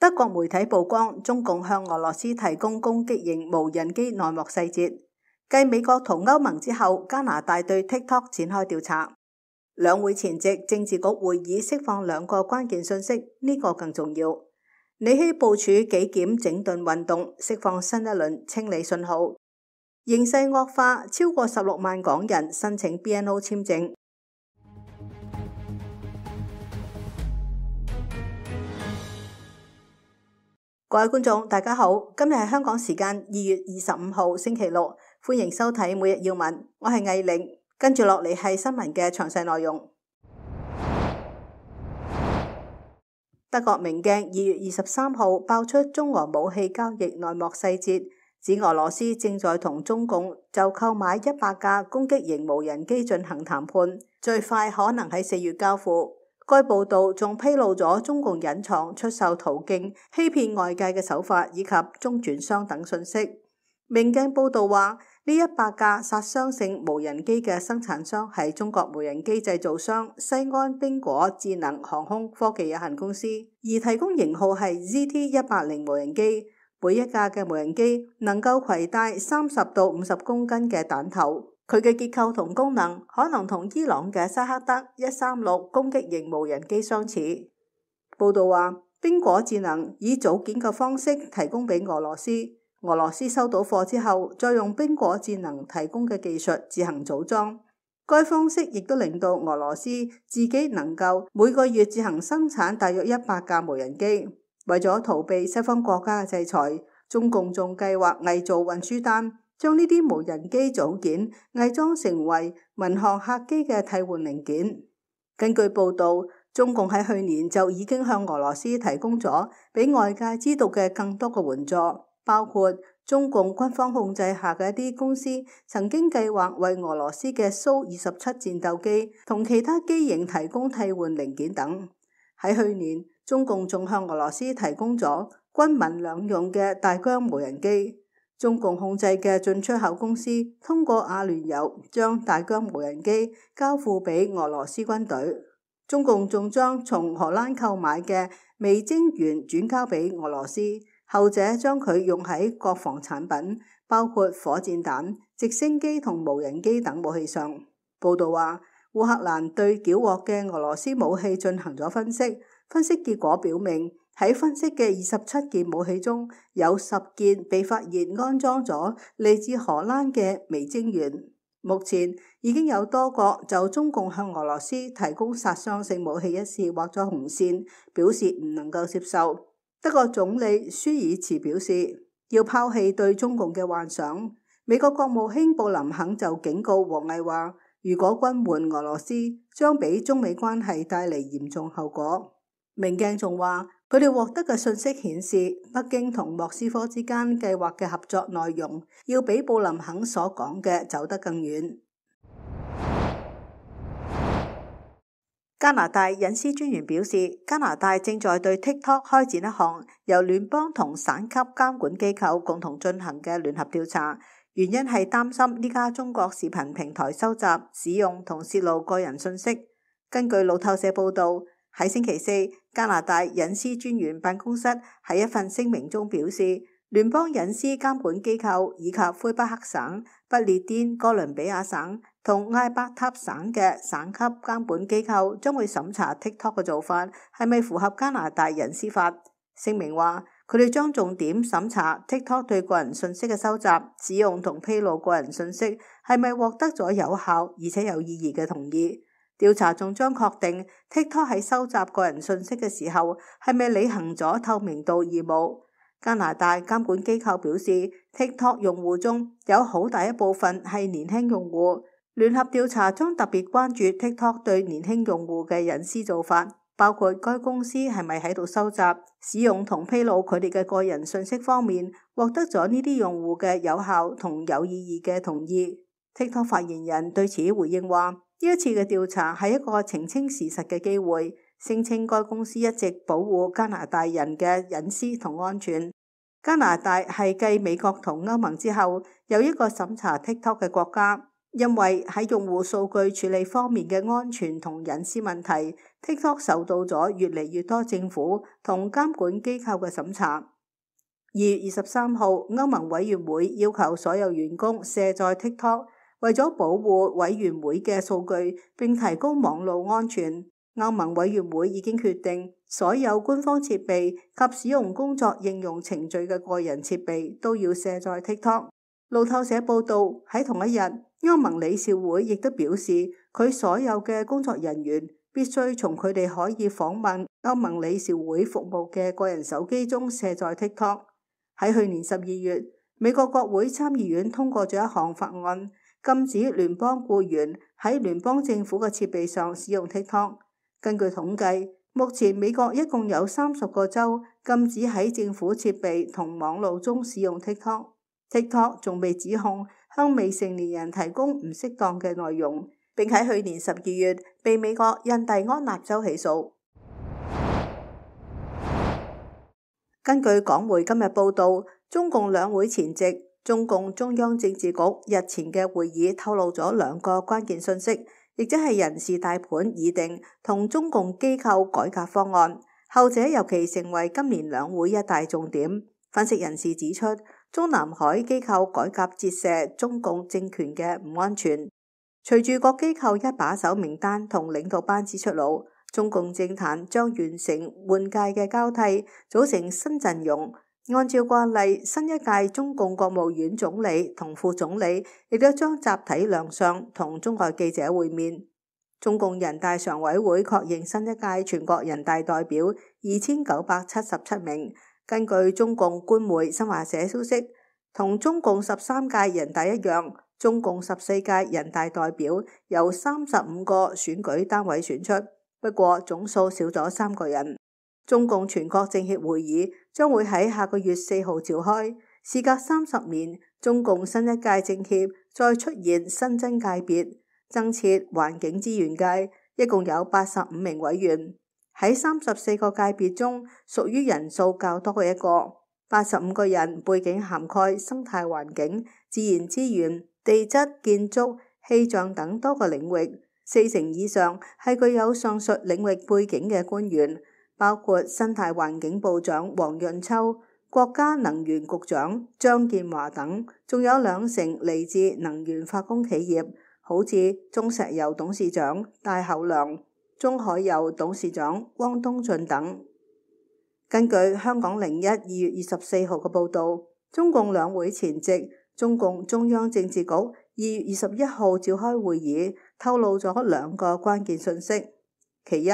德國媒體曝光中共向俄羅斯提供攻擊型無人機內幕細節，繼美國同歐盟之後，加拿大對 TikTok 展開調查。兩會前夕，政治局會議釋放兩個關鍵信息，呢個更重要。李希部署紀檢整頓運動，釋放新一輪清理信號。形勢惡化，超過十六萬港人申請 BNO 簽證。各位觀眾，大家好，今日係香港時間二月二十五號星期六，歡迎收睇每日要聞，我係艾凌，跟住落嚟係新聞嘅詳細內容。 德國明鏡二月二十三號爆出中俄武器交易內幕細節，指俄羅斯正在同中共就購買一百架攻擊型無人機進行談判，最快可能喺四月交付。該報道仲披露咗中共隱藏出售途徑、欺騙外界嘅手法以及中轉商等信息。明鏡報道話，呢一百架殺傷性無人機嘅生產商係中國無人機製造商西安冰果智能航空科技有限公司，而提供型號係 ZT 一八零無人機。每一架嘅無人機能夠攜帶三十到五十公斤嘅彈頭。佢嘅結構同功能可能同伊朗嘅沙赫德一三六攻擊型無人機相似。報道話，冰果智能以組件嘅方式提供俾俄羅斯，俄羅斯收到貨之後再用冰果智能提供嘅技術自行組裝。該方式亦都令到俄羅斯自己能夠每個月自行生產大約一百架無人機。為咗逃避西方國家嘅制裁，中共仲計劃偽造運輸單。將呢啲無人機組件偽裝成為民航客機嘅替換零件。根據報導，中共喺去年就已經向俄羅斯提供咗俾外界知道嘅更多嘅援助，包括中共軍方控制下嘅一啲公司曾經計劃為俄羅斯嘅蘇二十七戰鬥機同其他機型提供替換零件等。喺去年，中共仲向俄羅斯提供咗軍民兩用嘅大疆無人機。中共控制嘅進出口公司通過阿聯酋將大疆無人機交付俾俄羅斯軍隊，中共仲將從荷蘭購買嘅微晶元轉交俾俄羅斯，後者將佢用喺國防產品，包括火箭彈、直升機同無人機等武器上。報道話，烏克蘭對繳獲嘅俄羅斯武器進行咗分析，分析結果表明。喺分析嘅二十七件武器中，有十件被發現安裝咗嚟自荷蘭嘅微晶元。目前已經有多國就中共向俄羅斯提供殺傷性武器一事畫咗紅線，表示唔能夠接受。德國總理舒爾茨表示要拋棄對中共嘅幻想。美國國務卿布林肯就警告王毅話，如果軍援俄羅斯，將俾中美關係帶嚟嚴重後果。明鏡仲話。佢哋獲得嘅信息顯示，北京同莫斯科之間計劃嘅合作內容要比布林肯所講嘅走得更遠。加拿大隱私專員表示，加拿大正在對 TikTok 開展一項由聯邦同省級監管機構共同進行嘅聯合調查，原因係擔心呢家中國視頻平台收集、使用同洩露個人信息。根據路透社報導。喺星期四，加拿大隱私專員辦公室喺一份聲明中表示，聯邦隱私監管機構以及魁北克省、不列顛哥倫比亞省同艾伯塔省嘅省級監管機構將會審查 TikTok 嘅做法係咪符合加拿大隱私法。聲明話，佢哋將重點審查 TikTok 對個人信息嘅收集、使用同披露個人信息係咪獲得咗有效而且有意義嘅同意。調查仲將確定 TikTok 喺收集個人信息嘅時候係咪履行咗透明度義務。加拿大監管機構表示，TikTok 用戶中有好大一部分係年輕用戶。聯合調查將特別關注 TikTok 對年輕用戶嘅隱私做法，包括該公司係咪喺度收集、使用同披露佢哋嘅個人信息方面獲得咗呢啲用戶嘅有效同有意義嘅同意。TikTok 發言人對此回應話，呢一次嘅調查係一個澄清事實嘅機會，聲稱該公司一直保護加拿大人嘅隱私同安全。加拿大係繼美國同歐盟之後，有一個審查 TikTok 嘅國家，因為喺用戶數據處理方面嘅安全同隱私問題，TikTok 受到咗越嚟越多政府同監管機構嘅審查。二月二十三號，歐盟委員會要求所有員工卸載 TikTok。為咗保護委員會嘅數據並提高網絡安全，歐盟委員會已經決定，所有官方設備及使用工作應用程序嘅個人設備都要卸載 TikTok。路透社報導，喺同一日，歐盟理事會亦都表示，佢所有嘅工作人員必須從佢哋可以訪問歐盟理事會服務嘅個人手機中卸載 TikTok。喺去年十二月，美國國會參議院通過咗一項法案。禁止聯邦雇員喺聯邦政府嘅設備上使用 TikTok。根據統計，目前美國一共有三十個州禁止喺政府設備同網路中使用 TikTok。TikTok 仲被指控向未成年人提供唔適當嘅內容，並喺去年十二月被美國印第安納州起訴。根據港媒今日報道，中共兩會前夕，中共中央政治局日前嘅會議透露咗兩個關鍵信息，亦即係人事大盤已定同中共機構改革方案，後者尤其成為今年兩會一大重點。分析人士指出，中南海機構改革折射中共政權嘅唔安全。隨住各機構一把手名單同領導班子出爐，中共政壇將完成換屆嘅交替，組成新陣容。按照慣例，新一屆中共國務院總理同副總理亦都將集體亮相同中外記者會面。中共人大常委會確認新一屆全國人大代表二千九百七十七名。根據中共官媒《新華社》消息，同中共十三屆人大一樣，中共十四屆人大代表由三十五個選舉單位選出，不過總數少咗三個人。中共全國政協會議將會喺下個月四號召開，事隔三十年，中共新一屆政協再出現新增界別，增設環境資源界，一共有八十五名委員，喺三十四個界別中，屬於人數較多嘅一個。八十五個人背景涵蓋生態環境、自然資源、地質、建築、氣象等多個領域，四成以上係具有上述領域背景嘅官員。包括生態環境部長黃潤秋、國家能源局長張建華等，仲有兩成嚟自能源化工企業，好似中石油董事長戴厚良、中海油董事長汪東進等。根據香港零一二月二十四號嘅報導，中共兩會前夕，中共中央政治局二月二十一號召開會議，透露咗兩個關鍵信息。其一，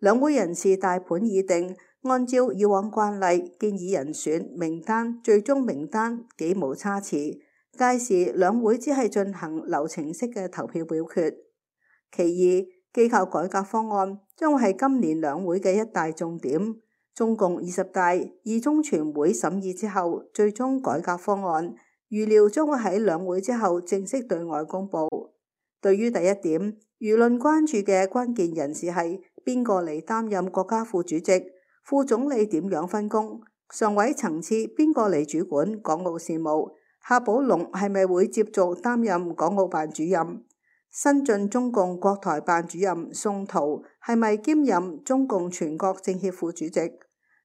兩會人事大盤已定，按照以往慣例，建議人選名單、最終名單幾無差池。屆時兩會只係進行流程式嘅投票表決。其二，機構改革方案將會係今年兩會嘅一大重點。中共二十大二中全會審議之後，最終改革方案預料將會喺兩會之後正式對外公布。對於第一點，輿論關注嘅關鍵人士係。邊個嚟擔任國家副主席？副總理點樣分工？上位層次邊個嚟主管港澳事務？夏寶龍係咪會接續擔任港澳辦主任？新晉中共國台辦主任宋濤係咪兼任中共全國政協副主席？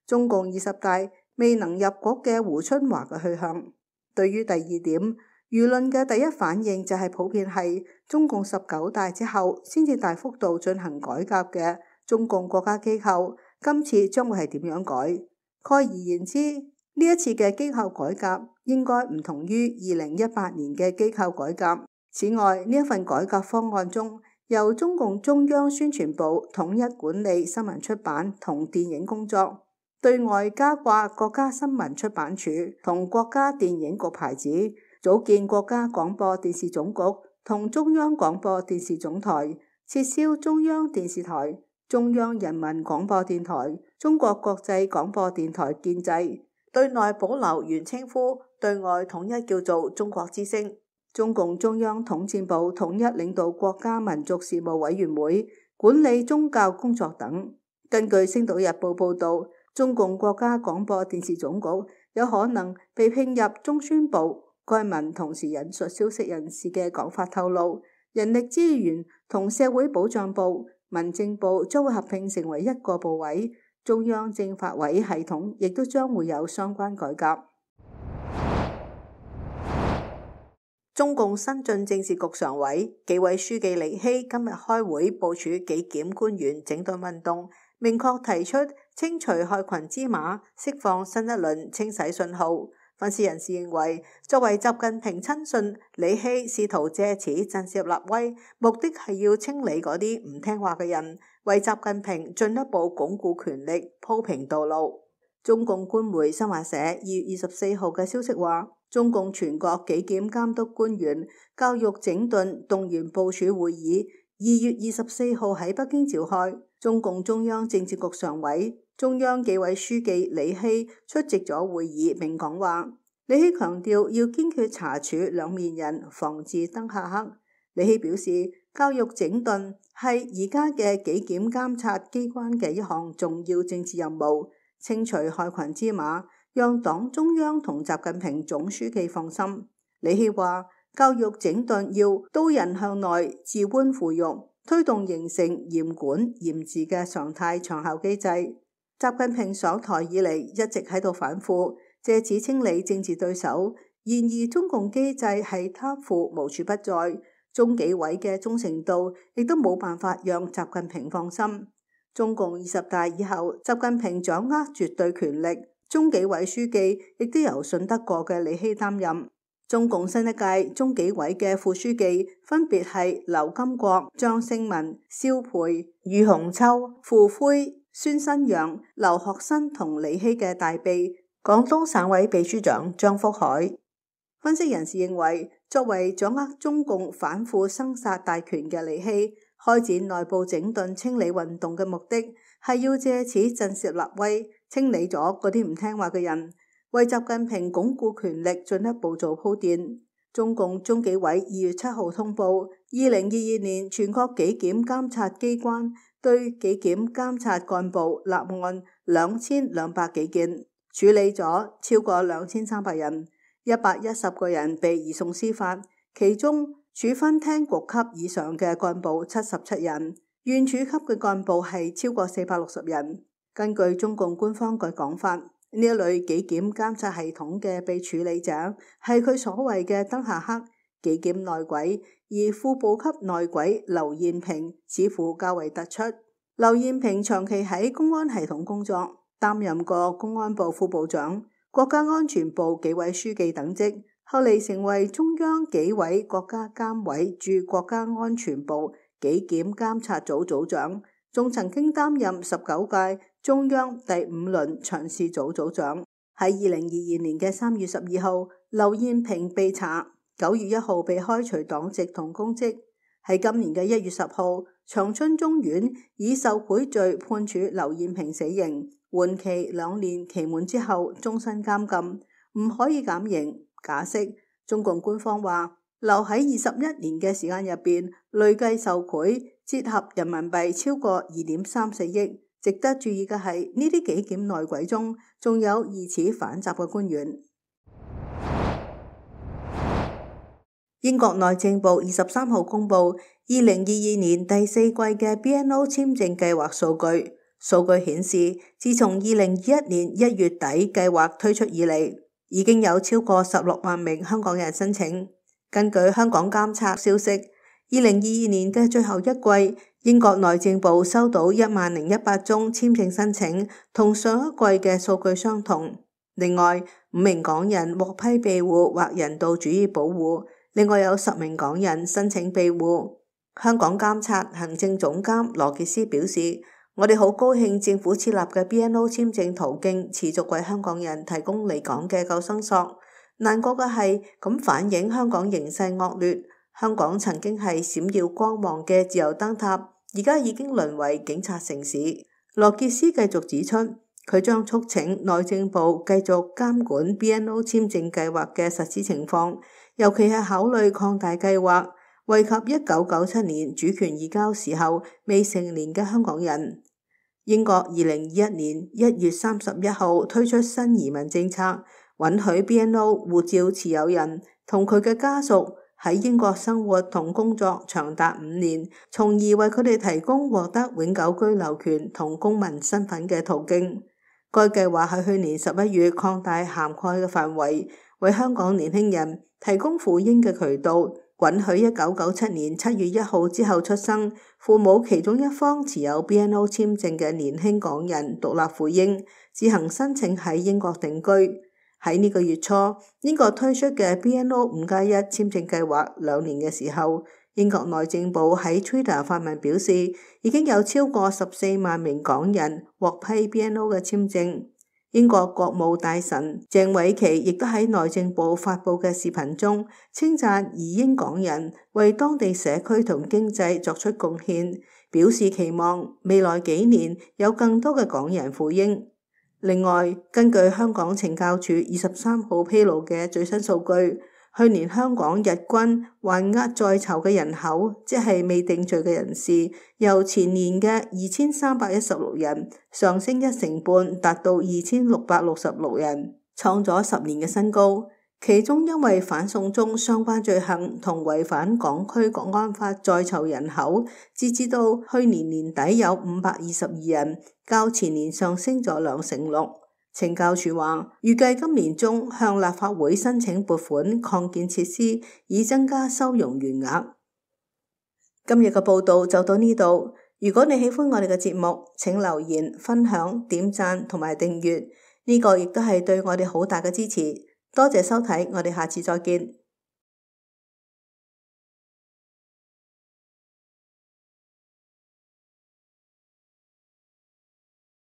中共二十大未能入閣嘅胡春華嘅去向？對於第二點，輿論嘅第一反應就係普遍係中共十九大之後先至大幅度進行改革嘅。中共國家機構今次將會係點樣改？概而言之，呢一次嘅機構改革應該唔同於二零一八年嘅機構改革。此外，呢一份改革方案中，由中共中央宣傳部統一管理新聞出版同電影工作，對外加掛國家新聞出版署同國家電影局牌子，組建國家廣播電視總局同中央廣播電視總台，撤銷中央電視台。中央人民廣播電台、中國國際廣播電台建制，對內保留原稱呼，對外統一叫做中國之聲。中共中央統戰部統一領導國家民族事務委員會管理宗教工作等。根據《星島日報》報道，中共國家廣播電視總局有可能被併入中宣部。該文同時引述消息人士嘅講法透露，人力資源同社會保障部。民政部將會合併成為一個部委，中央政法委系統亦都將會有相關改革。中共新進政治局常委、紀委書記李希今日開會部署紀檢官員整頓運動，明確提出清除害群之馬，釋放新一輪清洗信號。分析人士認為，作為習近平親信，李希試圖借此震懾立威，目的係要清理嗰啲唔聽話嘅人，為習近平進一步鞏固權力鋪平道路。中共官媒新華社二月二十四號嘅消息話，中共全國紀檢監督官員教育整頓動員部署會議二月二十四號喺北京召開，中共中央政治局常委。中央紀委書記李希出席咗會議並講話。李希強調，要堅決查處兩面人，防治燈下黑。李希表示，教育整頓係而家嘅紀檢監察機關嘅一項重要政治任務，清除害群之馬，讓黨中央同習近平總書記放心。李希話，教育整頓要刀刃向內，治官腐肉，推動形成嚴管嚴治嘅常態長效機制。習近平上台以嚟一直喺度反腐，借此清理政治對手。然而中共機制係貪腐無處不在，中紀委嘅忠誠度亦都冇辦法讓習近平放心。中共二十大以後，習近平掌握絕對權力，中紀委書記亦都由信得過嘅李希擔任。中共新一屆中紀委嘅副書記分別係劉金國、張勝文、肖培、余洪秋、傅輝。孫新陽、劉學新同李希嘅大秘，廣東省委秘書長張福海，分析人士認為，作為掌握中共反腐生殺大權嘅李希，開展內部整頓清理運動嘅目的，係要借此震懾立威，清理咗嗰啲唔聽話嘅人，為習近平鞏固權力進一步做鋪墊。中共中紀委二月七號通報。二零二二年，全國紀檢監察機關對紀檢監察幹部立案兩千兩百幾件，處理咗超過兩千三百人，一百一十個人被移送司法，其中處分廳局級以上嘅幹部七十七人，縣處級嘅幹部係超過四百六十人。根據中共官方嘅講法，呢一類紀檢監察系統嘅被處理者係佢所謂嘅燈下黑。紀檢內鬼，而副部級內鬼劉彥平似乎較為突出。劉彥平長期喺公安系統工作，擔任過公安部副部長、國家安全部紀委書記等職，後嚟成為中央紀委國家監委駐國家安全部紀檢監察組組長，仲曾經擔任十九屆中央第五輪巡視組組長。喺二零二二年嘅三月十二號，劉彥平被查。九月一號被開除黨籍同公職，喺今年嘅一月十號，長春中院以受賄罪判處劉彥平死刑，緩期兩年，期滿之後終身監禁，唔可以減刑假釋。中共官方話，留喺二十一年嘅時間入邊，累計受賄折合人民幣超過二點三四億。值得注意嘅係，呢啲紀檢內鬼中，仲有疑似反習嘅官員。英國內政部二十三號公布二零二二年第四季嘅 BNO 簽證計劃數據，數據顯示，自從二零二一年一月底計劃推出以嚟，已經有超過十六萬名香港人申請。根據香港監察消息，二零二二年嘅最後一季，英國內政部收到一萬零一百宗簽證申請，同上一季嘅數據相同。另外，五名港人獲批庇護或人道主義保護。另外有十名港人申請庇護。香港監察行政總監羅傑斯表示，我哋好高興政府設立嘅 BNO 簽證途徑持續為香港人提供離港嘅救生索。難過嘅係咁反映香港形勢惡劣。香港曾經係閃耀光芒嘅自由燈塔，而家已經淪為警察城市。羅傑斯繼續指出，佢將促請內政部繼續監管 BNO 簽證計劃嘅實施情況。尤其係考慮擴大計劃，惠及一九九七年主權移交時候未成年嘅香港人。英國二零二一年一月三十一號推出新移民政策，允許 BNO 護照持有人同佢嘅家屬喺英國生活同工作長達五年，從而為佢哋提供獲得永久居留權同公民身份嘅途徑。該計劃喺去年十一月擴大涵蓋嘅範圍，為香港年輕人。提供赴英嘅渠道，允許一九九七年七月一號之後出生，父母其中一方持有 BNO 簽證嘅年輕港人獨立赴英，自行申請喺英國定居。喺呢個月初，英國推出嘅 BNO 五加一簽證計劃兩年嘅時候，英國內政部喺 Twitter 發文表示，已經有超過十四萬名港人獲批 BNO 嘅簽證。英國國務大臣鄭偉琪亦都喺內政部發布嘅視頻中，稱讚移英港人為當地社區同經濟作出貢獻，表示期望未來幾年有更多嘅港人赴英。另外，根據香港懲教署二十三號披露嘅最新數據。去年香港日均還押在囚嘅人口，即係未定罪嘅人士，由前年嘅二千三百一十六人上升一成半，達到二千六百六十六人，創咗十年嘅新高。其中因為反送中相關罪行同違反港區國安法在囚人口，截至到去年年底有五百二十二人，較前年上升咗兩成六。懲教署話，預計今年中向立法會申請撥款擴建設施，以增加收容餘額。今日嘅報道就到呢度。如果你喜歡我哋嘅節目，請留言、分享、點讚同埋訂閱，呢、這個亦都係對我哋好大嘅支持。多謝收睇，我哋下次再見。